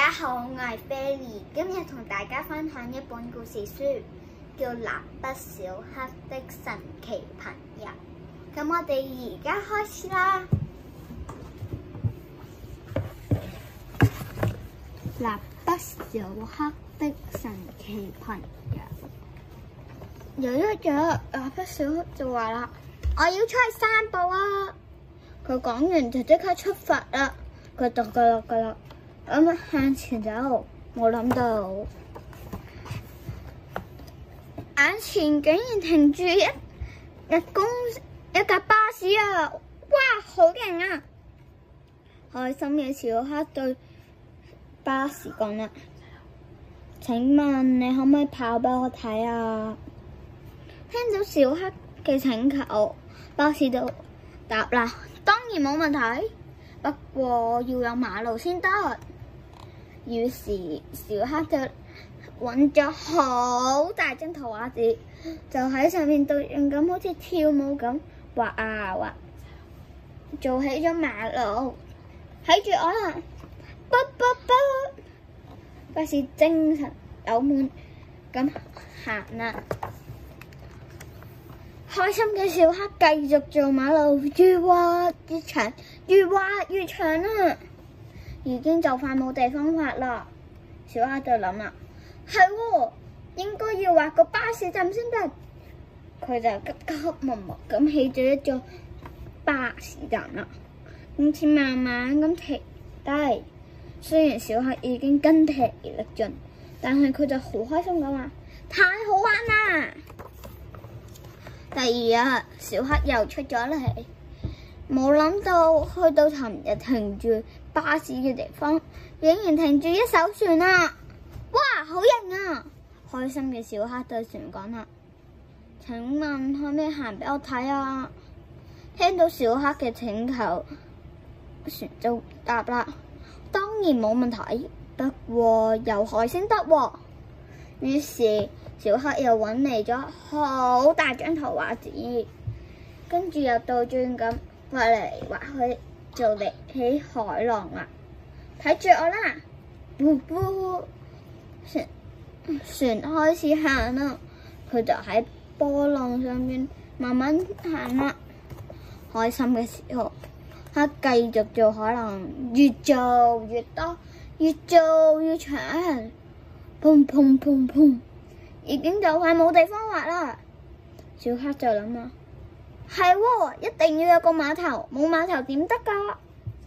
大家好，我係 Benny，今日同大家分享一本故事書，叫《蠟筆小黑的神奇朋友》。咁我哋而家開始啦，《蠟筆小黑的神奇朋友》有一日，蠟筆小黑就話啦：我要出去散步啊！佢講完就即刻出發啦，佢踱佢落佢落。咁向前走，冇諗到眼前竟然停住一,一架巴士啊！哇，好勁啊！開心嘅小黑對巴士講啦：請問你可唔可以跑俾我睇啊？聽到小黑嘅請求，巴士就答啦：當然冇問題，不過要有馬路先得。於是小黑就揾咗好大張圖畫紙，就喺上面對應咁好似跳舞咁畫啊畫，做起咗馬路。睇住我啦，啵啵啵，發泄精神飽滿咁行啦。開心嘅小黑繼續做馬路，越畫越長，越畫越長啊！已經就快冇地方畫啦，小黑就諗啦，係、哦、應該要畫個巴士站先得，佢就急急忙忙咁起咗一座巴士站啦，跟住慢慢咁停低。雖然小黑已經筋疲力盡，但係佢就好開心咁話：太好玩啦！第二日小黑又出咗嚟，冇諗到去到尋日停住。巴士嘅地方，竟然停住一艘船啊！哇，好型啊！開心嘅小黑對船講啦：請問可唔可以行俾我睇啊？聽到小黑嘅請求，船就答啦：當然冇問題，不過遊海先得啊。於是小黑又搵嚟咗，好大張圖畫紙，跟住又倒轉咁畫嚟畫去。就嚟起海浪啦，睇住我啦！噗噗，船船開始行啦、啊，佢就喺波浪上面慢慢行啦、啊。開心嘅時候，佢繼續做海浪，越做越多，越做越長。砰砰砰砰，砰，已經就快冇地方玩啦！小黑就諗啦嘛？係喎、哦，一定要有個碼頭，冇碼頭點得噶。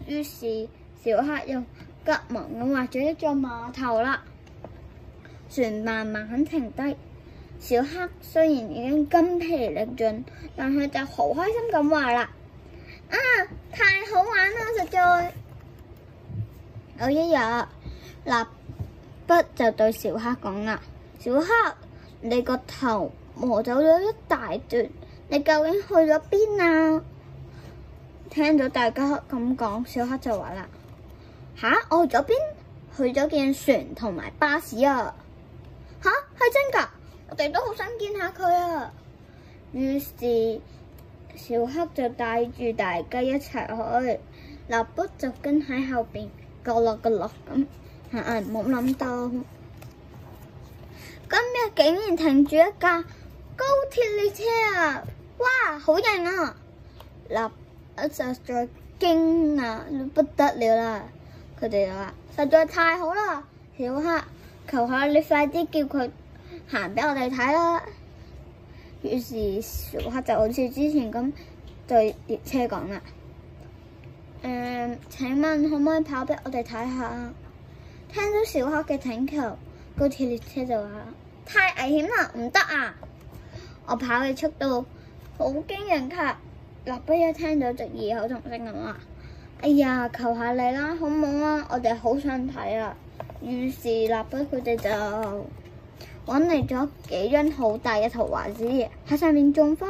於是小黑又急忙咁畫咗一座碼頭啦。船慢慢停低，小黑雖然已經筋疲力盡，但係就好開心咁話啦：啊，太好玩啦！實在。一有一日，蠟筆就對小黑講啦：小黑，你個頭磨走咗一大段。你究竟去咗邊啊？聽到大家咁講，小黑就話啦：，吓，我去咗邊？去咗件船同埋巴士啊！吓，係真噶？我哋都好想見下佢啊！於是小黑就帶住大家一齊去，蠟筆就跟喺後邊，夠落嘅落咁。嗯，冇諗到今日竟然停住一架高鐵列車啊！哇，好型啊！嗱，啊，實在驚啊，不得了啦！佢哋就話實在太好啦，小黑，求下你快啲叫佢行俾我哋睇啦。於是小黑就好似之前咁對列車講啦：誒、嗯，請問可唔可以跑俾我哋睇下？聽到小黑嘅請求，高鐵列車就話：太危險啦，唔得啊！我跑嘅速度。好驚人卡！蠟筆一聽到就異口同聲咁話：哎呀，求下你啦，好唔好啊？我哋好想睇啊！於是蠟筆佢哋就搵嚟咗幾張好大嘅圖畫紙，喺上面種花、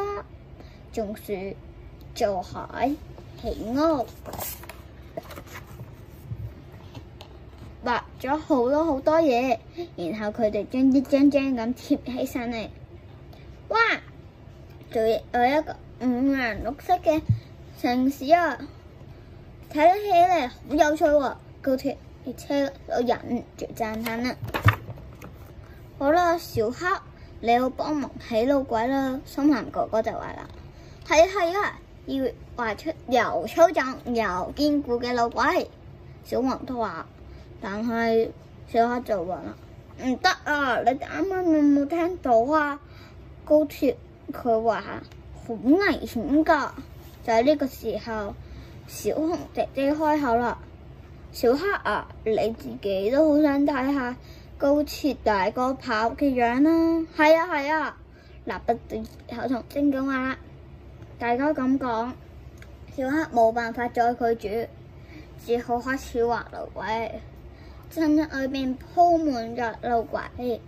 種樹、做海、起屋，畫咗好多好多嘢，然後佢哋將一張張咁貼起上嚟，哇！就有一個五顏六色嘅城市啊，睇起嚟好有趣喎、啊！高鐵列車有人住讚歎啦。好啦，小黑，你要幫忙起路軌啦。深藍哥哥就話啦：睇睇啊，要畫出又粗壯又堅固嘅路軌。小黃都話，但係小黑就話啦：唔得啊！你啱啱有冇聽到啊？高鐵。佢話好危險噶就喺呢個時候，小紅姐姐開口啦：小黑啊，你自己都好想睇下高鐵大哥跑嘅樣啦，啊。係啊係啊，啊，立不地口同聲咁話，大家咁講，小黑冇辦法再拒絕，只好開始畫路軌，真係外邊鋪滿咗路軌，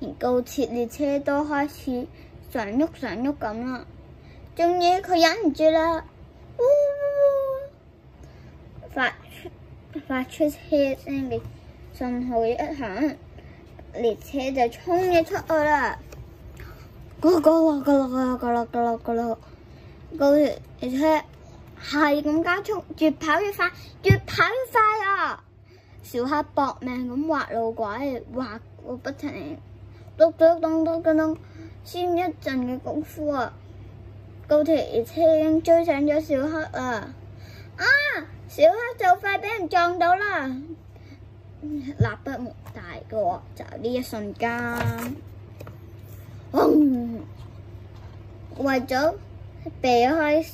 連高鐵列車都開始。常喐常喐咁啦，終於佢忍唔住啦，嗚嗚嗚，發出發出車聲嘅信號一響，列車就衝咗出去啦！嗰落嗰落嗰落嗰落嗰落嗰落嗰列列車係咁加速，越跑越快，越跑越快啊！小黑搏命咁滑路軌，滑個不停，嘟嘟碌咚咚咚。先一陣嘅功夫啊，高鐵已經追上咗小黑啊！啊，小黑就快俾人撞到啦！蠟筆敵大嘅喎，就呢一瞬間，嗯，為咗避開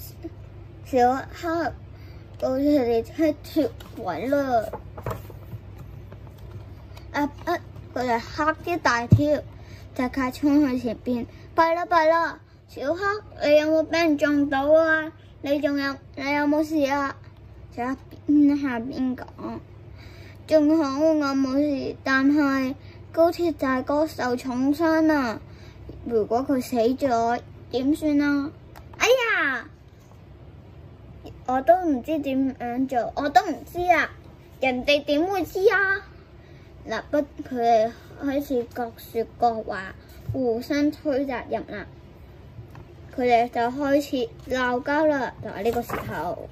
小黑，高鐵車脱軌啦！啊啊，佢嚇咗一大跳。就架窗去前邊，弊啦弊啦，小黑，你有冇俾人撞到啊？你仲有，你有冇事啊？小黑，在下邊講，仲好，我冇事，但係高鐵大哥受重傷啊！如果佢死咗，點算啊？哎呀，我都唔知點樣做，我都唔知道啊！人哋點會知道啊？立不，佢哋開始各說各話，互相推責任啦。佢哋就開始鬧交啦。就喺呢個時候，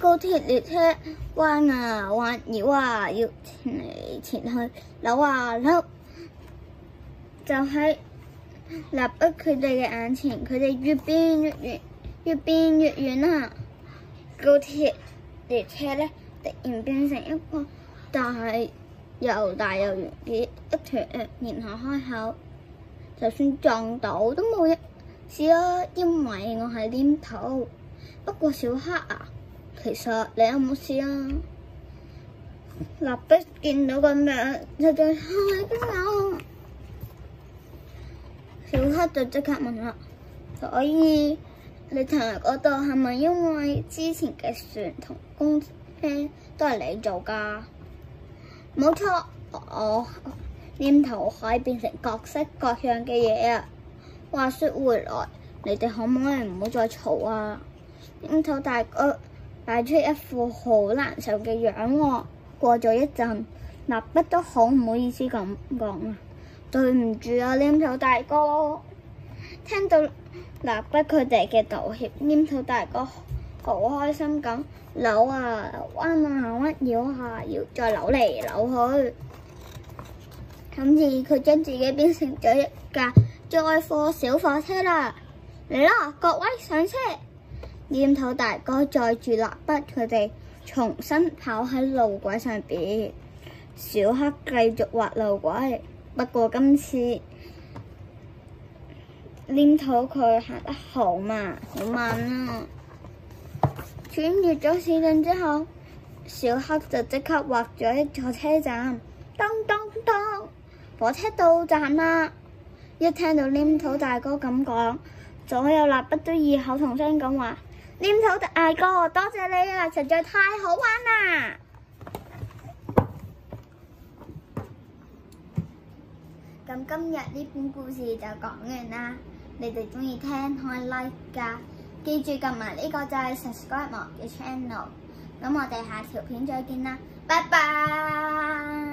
高鐵列車彎啊彎繞啊繞，前嚟前去扭啊扭，就喺立不佢哋嘅眼前，佢哋越變越遠，越變越遠啊！高鐵列車呢，突然變成一個，但係又大又圓嘅、欸、一團、呃，然後開口，就算撞到都冇事啦。因為我係黏土，不過小黑啊，其實你有冇事啊？蠟筆見到個樣就就開個口，小黑就即刻問啦：所以你尋日嗰度係咪因為之前嘅船同公車、呃、都係你做㗎？冇錯，我、哦哦、黏土可以變成各式各樣嘅嘢啊！話說回來，你哋可唔可以唔好再嘈啊？黏土大哥擺出一副好難受嘅樣喎、哦。過咗一陣，蠟筆都好唔好意思咁講啦，對唔住啊，黏土大哥。聽到蠟筆佢哋嘅道歉，黏土大哥。好開心咁扭啊，彎啊，彎繞下，然後再扭嚟扭去。今次佢將自己變成咗一架載貨小火車啦！嚟啦，各位上車！黏土大哥載住蠟筆佢哋，重新跑喺路軌上邊。小黑繼續滑路軌，不過今次黏土佢行得好慢，好慢啊！穿越咗市鎮之後，小黑就即刻畫咗一座車站。噹噹噹，火車到站啦！一聽到黏土大哥咁講，所有蠟筆都異口同聲咁話：黏土大哥，多謝你啦，實在太好玩啦！咁今日呢本故事就講完啦，你哋中意聽可以 like 噶。記住，撳埋呢個就係 subscribe 我嘅 channel，咁我哋下條片再見啦，拜拜。